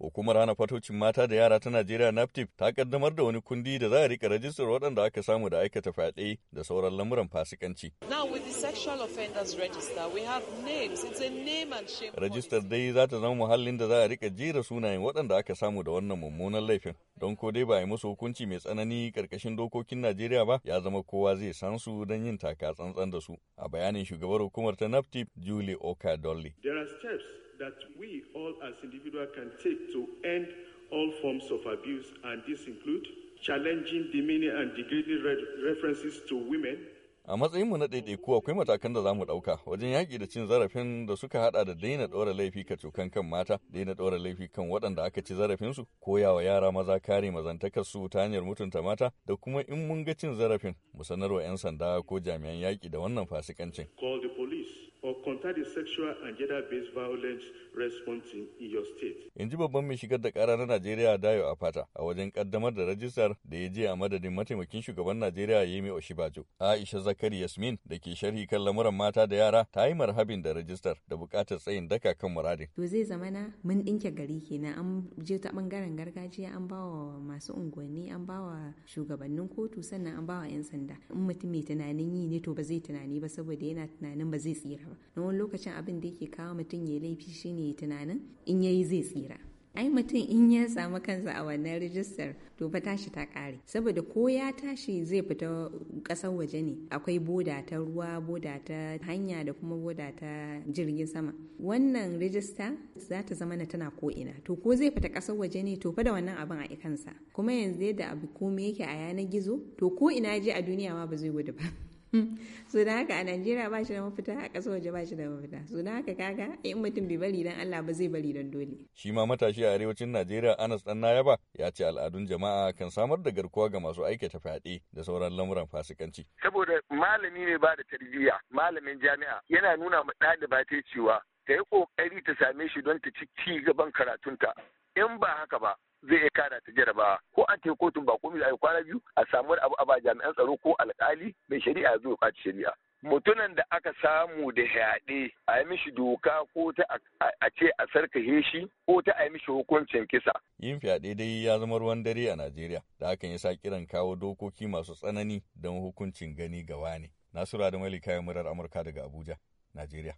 Hukumar hana fatocin mata da yara ta Najeriya NAPTIP ta kaddamar da wani kundi da za a rika rajistar waɗanda aka samu da aikata fyaɗe da sauran lamuran fasikanci. Rajistar dai za ta zama muhallin da za a rika jera sunayen waɗanda aka samu da wannan mummunan laifin. Don ko dai ba a yi musu hukunci mai tsanani ƙarƙashin dokokin Najeriya ba, ya zama kowa zai san su don yin taka tsantsan da su. A bayanin shugabar hukumar ta NAPTIP, Julie Oka Dolly. that we all as individuals can take to end all forms of abuse, and this include challenging demeaning and degrading references to women. A matsayinmu na ɗaiɗaiku akwai matakan da za mu ɗauka wajen yaƙi da cin zarafin da suka haɗa da daina ɗora laifi ka cokan kan mata, daina ɗora laifi kan waɗanda aka ci zarafinsu, koyawa yara maza kare mazantakarsu ta hanyar mutunta mata da kuma in mun ga cin zarafin mu sanarwa 'yan sanda ko jami'an yaƙi da wannan fasikancin. Call the police. or contact the sexual and gender-based violence response team in your state. In babban mai shigar da kara na Najeriya Dayo Afata a wajen kaddamar da rajistar da ya je a madadin mataimakin shugaban Najeriya Yemi Oshibajo. Aisha Zakari Yasmin da ke sharhi kan lamuran mata da yara ta yi marhabin da rajistar da bukatar tsayin daka kan muradin. To zai zamana mun ɗinke gari kenan an je ta bangaren gargajiya an bawa masu unguwanni an bawa shugabannin kotu sannan an bawa 'yan sanda. In mutum mai tunanin yi ne to ba zai tunani ba saboda yana tunanin ba zai tsira ba na wani lokacin abin da yake kawo mutum ya laifi shi shine tunanin in yayi zai tsira ai mutum in ya samu kansa a wannan rijistar to fa tashi ta kare saboda ko ya tashi zai fita kasar waje ne akwai boda ta ruwa boda ta hanya da kuma boda ta jirgin sama wannan rijista za ta zama na tana ko ina to ko zai fita kasar waje ne to fa da wannan abin a ikansa. kuma yanzu yadda abu komai yake a yanar gizo to ko ina je a duniya ma ba zai gudu ba Hmm. suna haka a najeriya ba shi da mafita a ƙasar waje ba shi da mafita suna haka kaga in mutum bai bari dan allah ba zai bari don dole shi ma matashi a arewacin najeriya anas dan ba ya ce al'adun jama'a kan samar da garkuwa ga masu aikata fyaɗe da sauran lamuran fasikanci saboda malami ne ba da tarbiyya malamin jami'a yana nuna ma ɗaliba ta cewa ta yi ƙoƙari ta same shi don ta ci gaban karatunta in ba haka ba zai iya kara ta jarabawa ko an tafi kotun ba komai zai kwana biyu a samu abu a ba jami'an tsaro ko alkali mai shari'a zai kwaci shari'a Mutunan da aka samu da yaɗe a yi mishi doka ko ta a ce a sarkahe shi ko ta a yi mishi hukuncin kisa. Yin fyaɗe dai ya zama ruwan dare a Najeriya da hakan ya sa kiran kawo dokoki masu tsanani don hukuncin gani gawa ne. Nasura da Malika murar Amurka daga Abuja, Najeriya.